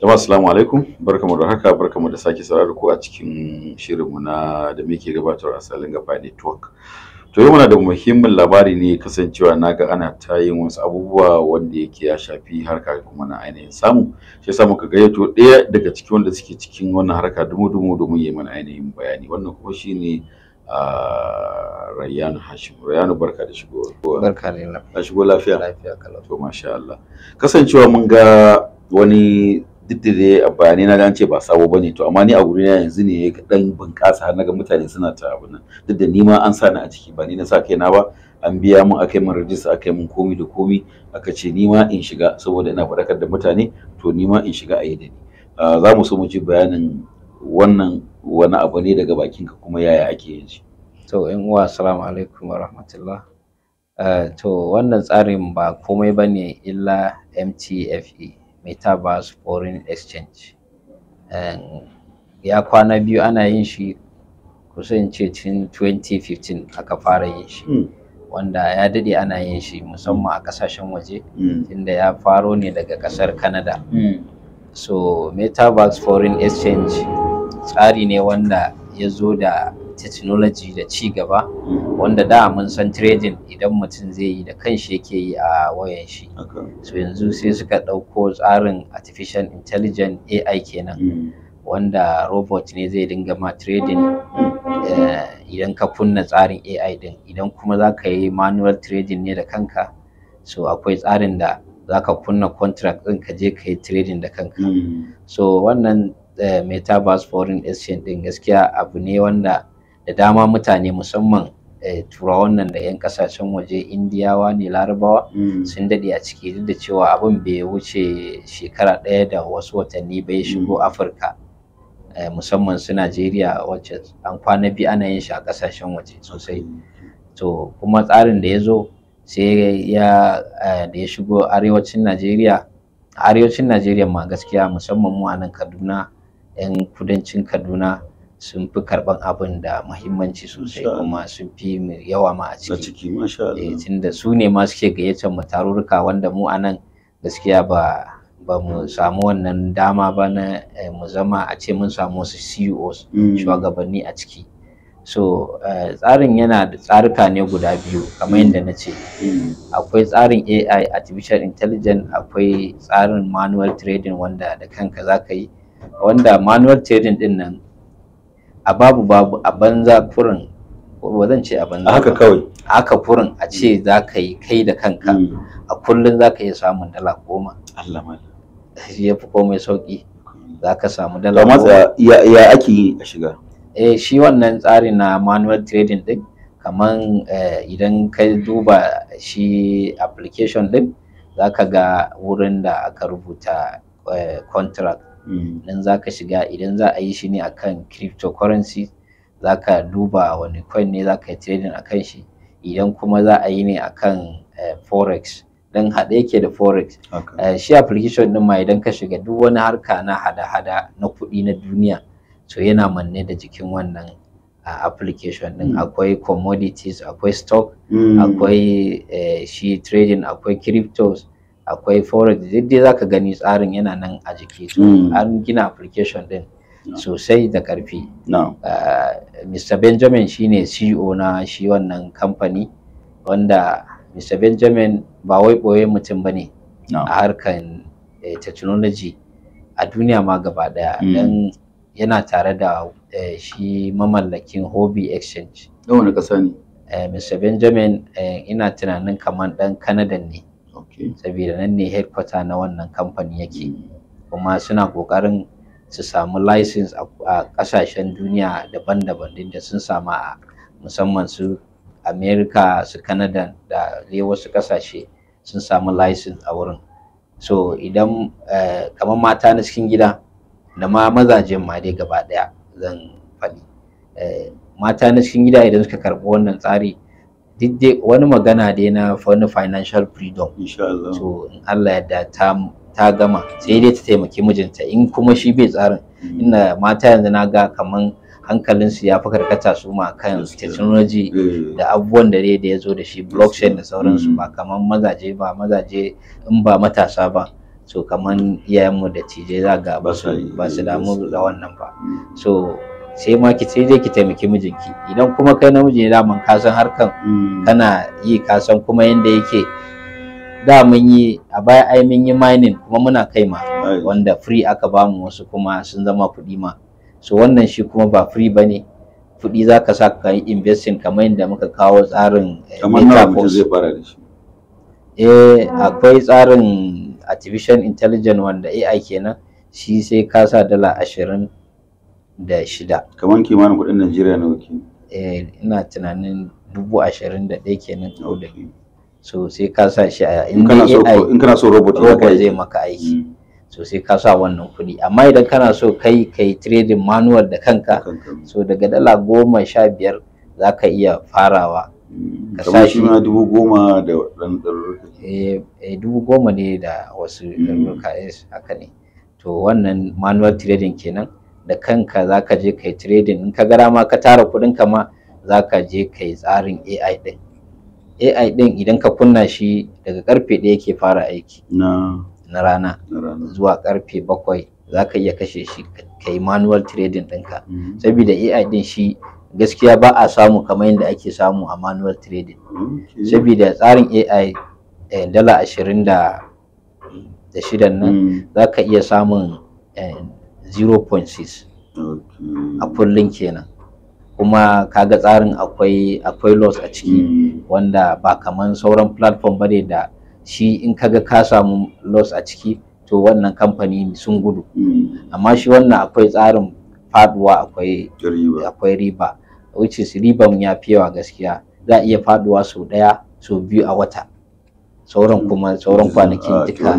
jama'a assalamu alaikum barkamu da haka barkamu da sake saurara ko a cikin shirinmu na da muke gabatar a salin gaba network to yau muna da muhimmin labari ne kasancewa naga ana ta yin wasu abubuwa wanda yake ya shafi harka kuma na ainihin samu shi yasa muka gayyato ɗaya daga cikin wanda suke cikin wannan harka dumu-dumu domin yi mana ainihin bayani wannan kuma shine Rayyan Hashim Rayyan barka da shigo barka da lafiya shigo lafiya lafiya kala. to masha Allah kasancewa mun ga wani duk da dai bayanai na gan ce ba sabo bane to amma ni a guri na yanzu ne dan bunƙasa har naga mutane suna ta abun nan duk da ni ma an sa ni a ciki ba ni na sa kai na ba an biya mu akai mun rajista akai mun komi da komi aka ce ni ma in shiga saboda ina faɗakar da mutane to ni ma in shiga a yi da ni za mu so mu ji bayanin wannan wani abu ne daga bakinka kuma yaya ake yin shi to in uwa assalamu alaikum wa rahmatullah to wannan tsarin ba komai bane illa MTFE metaverse foreign exchange ya kwana biyu ana yin shi kusan ce tun 2015 aka fara yin shi hmm. wanda ya dade ana yin shi musamman a ƙasashen waje inda hmm. ya faro ne daga ƙasar canada hmm. so metaverse foreign exchange tsari ne wanda ya zo da technology da ci gaba wanda da mun san trading idan mutum zai yi da kanshi yake yi a wayan shi so yanzu sai suka dauko tsarin artificial intelligence AI kenan hmm. wanda robot ne zai dinga ma trading hmm. eh, idan ka kunna tsarin AI din idan kuma za ka yi manual trading ne da kanka so akwai tsarin da za ka kunna contract din ka je ka yi trading da kanka hmm. so wannan eh, metaverse foreign exchange ɗin gaskiya abu ne wanda da dama mutane musamman eh, turawan nan da 'yan kasashen waje indiyawa ne larabawa mm. sun daɗe a ciki duk da cewa abin bai wuce shekara ɗaya da wasu watanni bai shigo mm. afirka eh, musamman su najeriya wacce an kwana biyu ana yin shi a kasashen waje sosai to kuma tsarin da ya zo sai ya eh, da ya shigo arewacin najeriya arewacin najeriya ma gaskiya musamman mu a nan kaduna 'yan kudancin kaduna sun fi karban abin da muhimmanci sosai kuma sun fi yawa ma a ciki eh, tun da su ne ma suke gayyatar mu tarurruka wanda mu anan gaskiya ba ba mu mm. samu wannan dama ba na eh, mu zama a ce mun samu wasu CEOs mm. shugabanni a ciki so eh, tsarin yana da tsarika ne guda biyu kamar yadda na ce mm. akwai tsarin AI artificial intelligence akwai tsarin manual trading wanda da kanka za ka yi wanda manual trading din nan a babu babu a banza kurin ba zan ce a banza haka kawai haka kurin a ce mm. za ka yi kai da kanka mm. a kullum za ka iya samun dala goma Allah ma ya fi komai sauki za ka samu dala goma ya ya ake yi a shiga eh shi wannan tsari na manual trading din Kamar eh, idan ka duba shi application din za ka ga wurin da aka rubuta eh, contract Mm. idan za ka shiga idan za a yi shi ne akan cryptocurrency za ka duba wani coin ne za ka yi trading a kan shi idan kuma za a yi ne akan eh, forex don haɗe yake da forex eh, shi application ɗin ma idan ka shiga duk wani harka na hada-hada na kuɗi na duniya to yana manne da jikin wannan application ɗin mm. akwai commodities akwai stock mm. akwai eh, shi trading akwai cryptos akwai forex dai za ka gani tsarin yana nan a jiki hmm. an gina application din sosai da karfi uh, mr benjamin shine ceo na shi wannan company. wanda mr benjamin ba wai boye mutum bane. a harkan eh, technology a duniya ma gaba daya hmm. Dan yana tare da eh, shi mamallakin hobby exchange wani ƙasa ne eh, mr benjamin ina tunanin kamar dan canada ne saboda nan ne headquarter na wannan kamfani yake kuma suna kokarin su samu license a ƙasashen duniya daban-daban da sun samu a musamman su america su canada da dai wasu kasashe sun samu license a wurin so idan eh, kamar mata na cikin gida da ma mazajen ma dai gaba ɗaya zan faɗi eh, mata na cikin gida idan suka karɓi wannan tsari duk wani magana dai na wani financial freedom insha Allah in Allah ya da ta ta gama sai dai ta taimaki mijinta in kuma shi bai tsarin mm. ina mata yanzu na ga kaman hankalin su ya fi karkata su ma kan technology eh. da abubuwan da da ya zo da shi blockchain da sauransu mm. ba kaman mazaje ba mazaje in ba matasa ba so kaman iyayenmu da tije za ga ba su damu da wannan ba mm. so sai ma ki sai dai ki taimaki mijinki idan kuma kai namiji ne daman ka san harkan mm. kana yi ka san kuma yanda yake da mun yi a baya ai mun yi mining kuma muna kai ma wanda free aka bamu wasu kuma sun zama kuɗi ma so wannan shi kuma ba free bane kuɗi za ka sa ka yi investing kamar yadda muka kawo tsarin eh, kamar nawa mutum zai fara da shi eh akwai tsarin artificial intelligence wanda AI kenan shi sai ka sa dala ashirin da shida kamar kimanin kuɗin najeriya nawa ke eh ina tunanin dubu ashirin da ɗaya kenan so sai ka sa shi a in kana so robot maka aiki? robot zai maka aiki mm. so sai ka sa wannan kuɗi amma idan kana so kai kai trading manual da kanka mm. so daga dala goma sha biyar za ka iya farawa mm. Kamar shi ma dubu goma da ɗan ɗarurruka eh, eh dubu goma ne da wasu ɗarurruka haka ne to wannan manual trading kenan da kanka za ka je kai trading in ka gara ma ka tara kuɗin ka ma za ka je kai tsarin AI ɗin AI ɗin idan ka kunna shi daga karfe ɗaya yake fara aiki na rana zuwa karfe bakwai za ka iya kashe shi kai yi manual trading ɗinka mm-hmm. saboda AI ɗin shi gaskiya ba a samu kamar yadda ake samu a manual trading saboda tsarin ai eh, dala ashirin da shidan nan mm. za ka iya samun eh, 0.6 a kullum kenan kuma kaga tsarin akwai akwai loss a ciki hmm. wanda ba kaman sauran platform ne da shi in kaga ka samu loss a ciki to wannan kamfani sun gudu hmm. amma shi wannan akwai tsarin faduwa akwai akwai riba which is mun ya fi gaskiya za iya faduwa sau daya sau biyu a wata sauran hmm. kuma sauran ah, kwanakin duka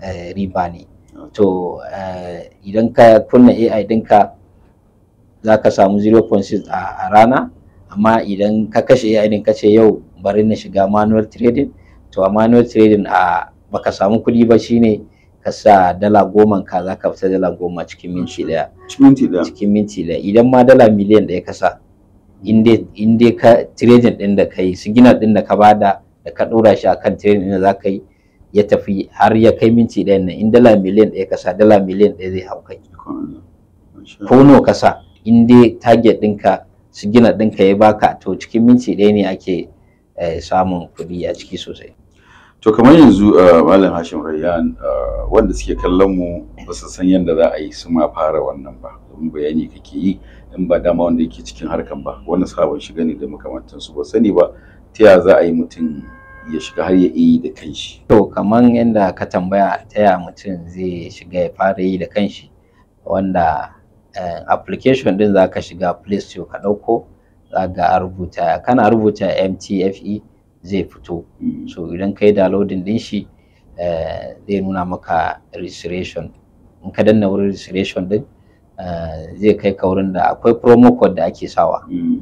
eh, riba ne to eh, idan ka kunna AI dinka za ka samu 0.6 a rana amma idan ka kashe AI din ka ce yau bari na shiga manual trading to a manual trading a baka samu kuɗi ba shine ka sa dala goma ka za ka fita dala goma cikin minti daya cikin minti daya idan ma dala miliyan ɗaya ka sa in dai ka trading ɗin da ka yi signal ɗin da ka bada da ka ɗora shi akan trading ɗin da za ka yi ya tafi har ya kai minti ɗayan nan in dala miliyan ɗaya kasa dala miliyan ɗaya zai hau kai ko kasa in dai target ɗinka su gina ɗinka ya baka to cikin minti ɗaya ne ake eh, samun kuɗi a ciki sosai to kamar yanzu eh, malam hashim rayyan eh, wanda suke kallon mu ba su san yadda za a yi su ma fara wannan ba domin bayani kake yi in ba dama wanda yake cikin harkan ba wannan sabon shiga ne da su ba sani ba ta yaya za a yi mutum ya shiga har ya yi da kanshi to kaman yadda ka tambaya ta ya mutum zai shiga ya fara yi da kanshi wanda eh, application din za ka shiga play store ka ɗauko za ka rubuta kana rubuta mtfe zai fito mm. so idan ka yi downloading din shi eh, zai nuna maka registration in ka danna wurin registration din eh, zai kai ka wurin da akwai promo code da ake sawa mm.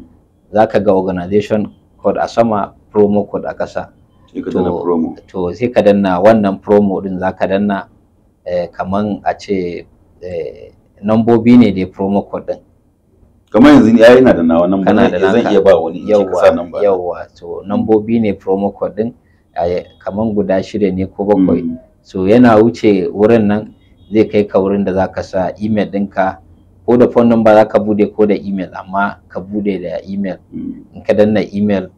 za ka ga organization code a sama promo code a ƙasa to sai ka danna wannan promo din za ka danna eh, kaman a ce eh, nambobi ne dai promo code din kamar yanzu ya yana da nawa nan kana da zan iya ba wani yawa yawa to nambobi ne promo code din kaman guda shida ne ko bakwai mm. so yana wuce wurin nan zai kai ka wurin da zaka sa email dinka, ko da phone number zaka bude ko da email amma ka bude da email mm. in ka danna email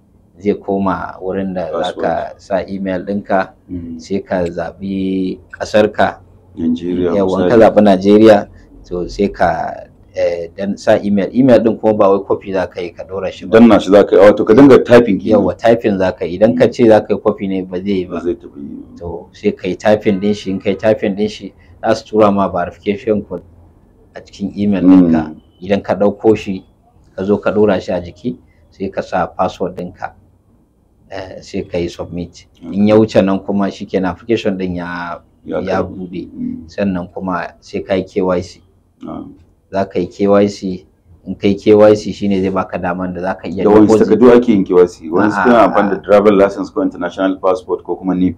zai koma wurin da za ka sa email ɗinka hmm. sai ka zaɓi ƙasarka yawon ka zaɓi nigeria to sai ka eh, dan sa email email din kuma ba wai copy za ka yi ka ɗora shi ba danna shi za ka yi wato ah, ka dinga typing yawa typing za ka yi idan ka hmm. ce za ka yi copy ne ba zai yi ba to sai ka yi typing din shi in ka yi typing din shi za su tura ma verification code a cikin email hmm. ka idan ka ɗauko shi ka zo ka ɗora shi a jiki sai ka sa password ka Eh, sai ka yi submit in ya wuce nan kuma shikenan application din ya ya bude mm. sannan kuma sai ka yi KYC ah. za ka yi KYC in kai KYC shine zai baka daman da zaka iya deposit. Yawanci takardu ake yin KYC, wani suna amfani da driver license ko international passport ko kuma NIP.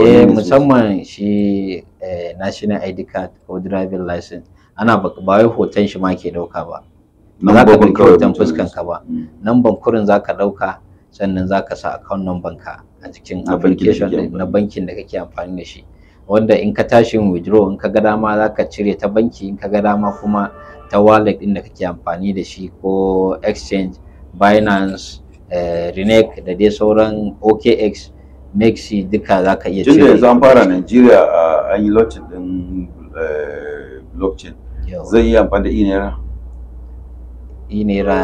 Eh musamman shi eh, national ID card ko driver license ana ba wai hoton shi ma ke dauka ba. Ba za ka ka ba. Mm. Nan kurin za ka ɗauka sannan za ka sa account number ka a cikin application na bankin da kake amfani da shi wanda in ka tashi withdraw in ka ga dama za ka cire ta banki in ka ga dama kuma ta wallet ɗin da kake amfani da shi ko exchange binance eh, renec da dai sauran okx mexi duka za ka iya cire tunda yanzu an fara nigeria an yi launching din eh, blockchain zai iya amfani da inera inera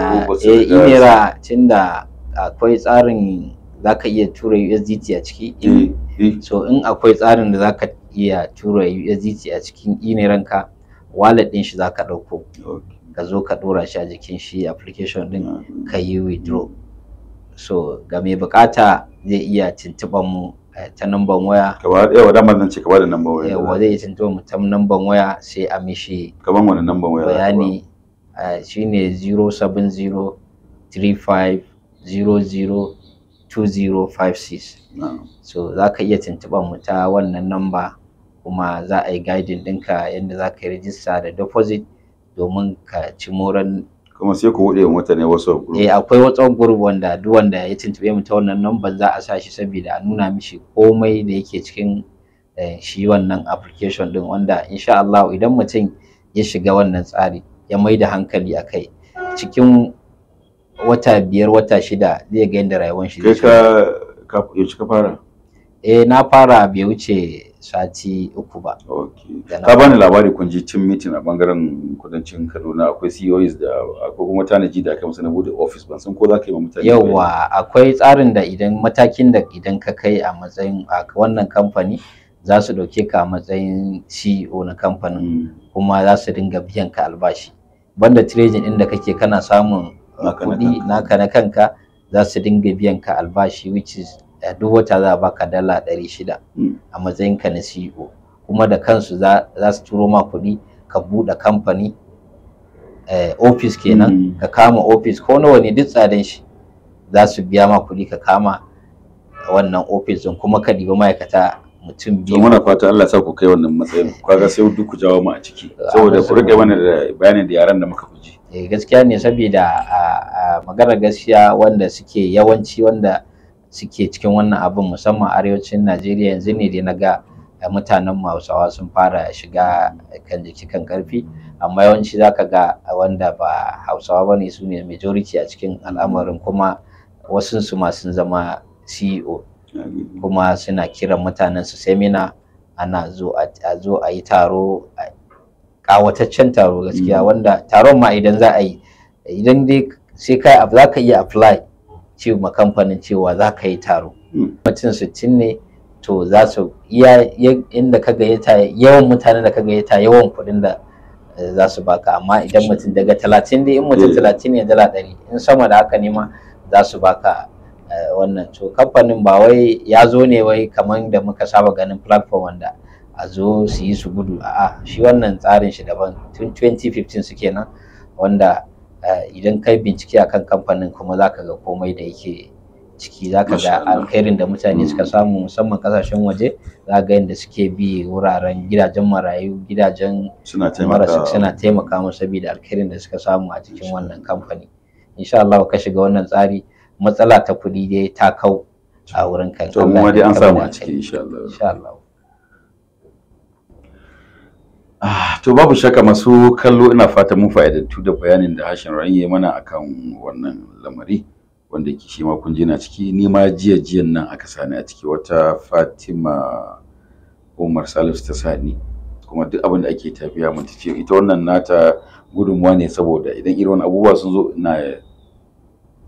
eh inera tunda akwai tsarin za ka iya tura USDT a ciki e-, eh, eh. so in akwai tsarin da za ka iya tura USDT a cikin ine ranka wallet din shi za ka ɗauko ka zo ka ɗora shi a jikin shi application din ah. ka yi withdraw so ga mai bukata zai iya tuntuɓar mu eh, ta namban waya kamar yawa damar nan ce ka da namban waya yawa zai tuntuɓa mu ta namban waya sai a mishi kamar wani namban waya bayani shine 070 35 0002056 so za ka iya tuntuɓar mu ta wannan namba kuma za a yi guiding ɗinka yadda za ka yi rijista da deposit domin ka ci moran kuma sai ku buɗe mutane wasu group eh akwai wasu group wanda duk wanda ya tuntube mu ta wannan namba za a sa shi saboda a nuna mishi komai da yake cikin eh, shi wannan application din wanda insha Allah idan mutum ya shiga wannan tsari ya mai da hankali kai cikin wata biyar wata shida zai ga yadda rayuwar shi zai ka yaushe ka fara eh na fara bai wuce sati uku ba ka bani labari kun ji team meeting a bangaren kudancin Kaduna akwai CEOs da akwai kuma tanaji da aka musu na bude office ban san ko za ka yi mutane yawa akwai tsarin da idan matakin da idan ka kai a matsayin a wannan kamfani za su ɗauke ka a matsayin CEO na kamfanin mm. kuma za su dinga biyan ka albashi banda trading inda da kake kana samun kuɗi naka na kanka za su dinga biyan ka albashi which is eh, duk wata za a baka dala ɗari shida hmm. a matsayin ka na CEO kuma da kansu za su turo ma kuɗi ka buɗe kamfani eh, ofis kenan hmm. ka kama ofis ko nawa ne duk tsadan shi za su biya ma kuɗi ka kama wannan ofis din kuma ka ɗiba ma'aikata mutum biyu. muna fata Allah sa ku kai wannan matsayin kaga sai duk ku jawo mu a ciki saboda ku rike mana da bayanin da yaran da muka kuji. Eh, gaskiya ne saboda maganar gaskiya wanda suke yawanci wanda suke cikin wannan abin musamman arewacin najeriya yanzu ne dai na ga eh, mutanen hausawa sun fara shiga kan jiki kan karfi amma yawanci zaka ga wanda ba hausawa bane su ne majority a cikin al'amarin kuma wasu su ma sun zama ceo kuma suna kiran mutanen su semina ana zo a zo a yi taro ƙawataccen taro gaskiya mm. wanda taron ma idan za a yi idan dai sai kai za ka iya apply ce ma kamfanin cewa za ka yi taro mm. mutum sittin ne to za su iya inda ka gayyata yawan mutane da ka ta yawan kuɗin da eh, za su baka amma idan mutum daga talatin dai in mutum mm. talatin ne dala ɗari in sama da haka ne ma za su baka eh, wannan to kamfanin ba wai ya zo ne wai kamar da muka saba ganin platform wanda a zo su yi su gudu a'a shi wannan tsarin shi daban tun 2015 su kenan wanda eh, idan kai bincike akan kamfanin kuma za ka ga komai da yake ciki za ka ga alkhairin da mutane suka mm. samu musamman kasashen waje za ga yadda suke bi wuraren gidajen marayu gidajen marasa suna taimaka musu saboda alkhairin da suka samu a cikin wannan kamfani insha Allah ka shiga wannan tsari matsala ta kuɗi dai ta kau a wurin kan. To mu dai an samu a ciki Insha Allah. Ah, to babu shaka masu kallo ina fata mun fa'idantu da bayanin da Hashim Ran yayi mana akan wannan lamari wanda ke shi ma kun na ciki ni ma jiya jiyan nan aka sani a ciki wata Fatima Umar Salisu ta sani kuma duk abin da ake tafiya mun ta ce ita wannan nata gudunmuwa ne saboda idan irin abubuwa sun zo ina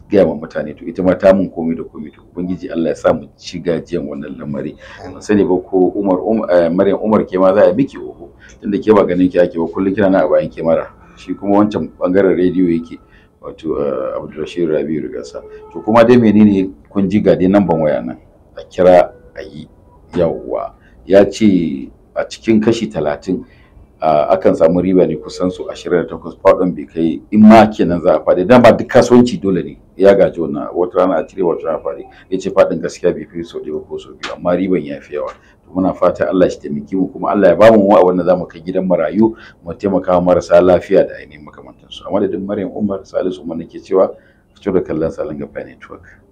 gaya wa mutane to ita ma ta mun komai da komai to ubangiji Allah ya sa mu ci gajiyan wannan lamari ban sani ba ko Umar eh, Maryam Umar ke ma za a miki oho tunda ke ba ganin ki ake ba kullun kina na a bayan kemara shi kuma wancan bangaren rediyo yake wato eh, Abdulrashid Rabi'u Rigasa to kuma dai menene kun ji ga dai nan ban waya nan a kira a yi yawwa ya ce a cikin kashi talatin akan samu riba ne kusan su 28 faɗin bai kai in ma kenan za a faɗi dan ba duk kasuwanci dole ne ya gaji wannan wata rana a cire wata rana faɗi ya ce faɗin gaskiya bai fi sau ɗaya ko sau biyu amma riban ya fi yawa muna fata Allah shi taimake mu kuma Allah ya ba mu wanda zamu kai gidan marayu mu taimaka wa marasa lafiya da ainihin makamantansu amma da duk Maryam Umar Salisu Umar nake cewa fito da kallon salon gaba network